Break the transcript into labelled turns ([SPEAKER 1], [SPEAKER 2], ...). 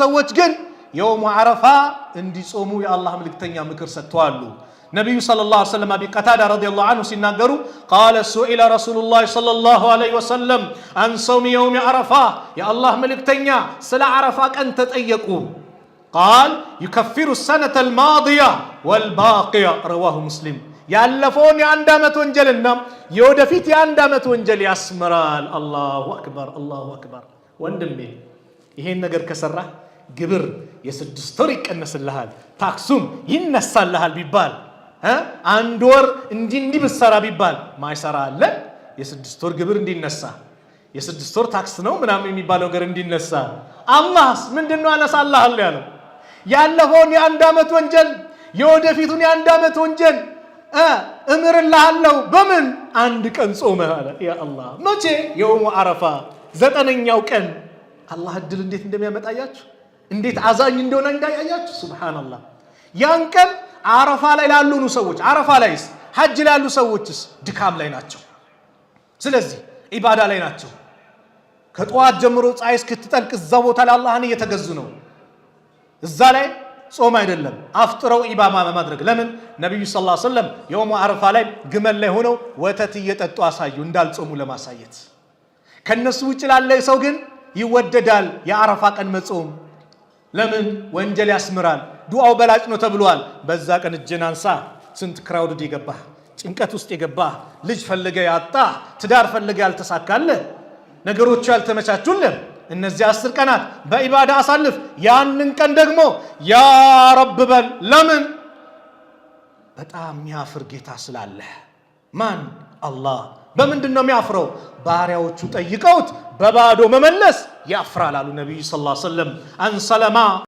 [SPEAKER 1] ሰዎች ግን የውሙ አረፋ እንዲጾሙ የአላህ ምልክተኛ ምክር ሰጥተዋሉ። ነቢዩ ሰለላሁ ዐለይሂ ወሰለም አቢ ቀታዳ ረዲየላሁ ዐንሁ ሲናገሩ ቃለ ሱኢለ ረሱሉላህ ሰለላሁ ዐለይሂ ወሰለም አን ሰውሚ የውሚ አረፋ የአላህ ምልክተኛ ስለ አረፋ ቀን ተጠየቁ። ቃል ዩከፊሩ ሰነተ አልማድያ ወልባቅያ ረዋሁ ሙስሊም ያለፈውን የአንድ ዓመት ወንጀልና የወደፊት የአንድ ዓመት ወንጀል ያስምራል። አላሁ አክበር፣ አላሁ አክበር ወንድሜ ይሄን ነገር ከሰራ ግብር የስድስት ወር ይቀነስልሃል፣ ታክሱም ይነሳልሃል ቢባል አንድ ወር እንዲህ እንዲህ ብትሰራ ቢባል ማይሰራ አለ። የስድስት ወር ግብር እንዲነሳ የስድስት ወር ታክስ ነው ምናምን የሚባለው ነገር እንዲነሳ። አላህስ ምንድን ነው አነሳልሃል ያለው? ያለፈውን የአንድ ዓመት ወንጀል የወደፊቱን የአንድ ዓመት ወንጀል እምርልሃለሁ። በምን አንድ ቀን ጾመህ አለ። ያ አላህ መቼ? የውሙ አረፋ ዘጠነኛው ቀን አላህ እድል እንዴት እንደሚያመጣያችሁ እንዴት አዛኝ እንደሆነ እንዳያያችሁ። ሱብሃነላህ። ያን ቀን አረፋ ላይ ላሉኑ ሰዎች አረፋ ላይስ ሐጅ ላሉ ሰዎችስ ድካም ላይ ናቸው። ስለዚህ ኢባዳ ላይ ናቸው። ከጠዋት ጀምሮ ፀሐይ እስክትጠልቅ እዛ ቦታ ላይ አላህን እየተገዙ ነው። እዛ ላይ ጾም አይደለም አፍጥረው ኢማማ በማድረግ ለምን ነቢዩ ስ ሰለም የውሙ አረፋ ላይ ግመል ላይ ሆነው ወተት እየጠጡ አሳዩ እንዳልጾሙ ለማሳየት ከእነሱ ውጭ ላለ ሰው ግን ይወደዳል የአረፋ ቀን መጾም። ለምን? ወንጀል ያስምራል። ዱዓው በላጭ ነው ተብሏል። በዛ ቀን እጅን አንሳ። ስንት ክራውድድ የገባ ጭንቀት ውስጥ የገባ ልጅ ፈልገ ያጣ ትዳር ፈልገ ያልተሳካልህ ነገሮቹ ያልተመቻቹልህ እነዚህ አስር ቀናት በኢባዳ አሳልፍ። ያንን ቀን ደግሞ ያ ረብ በል። ለምን? በጣም የሚያፍር ጌታ ስላለህ ማን አላህ በምንድን ነው የሚያፍረው? ባሪያዎቹ ጠይቀውት በባዶ መመለስ ያፍራል አሉ ነቢዩ ሰለላሁ ዐለይሂ ወሰለም አንሰለማ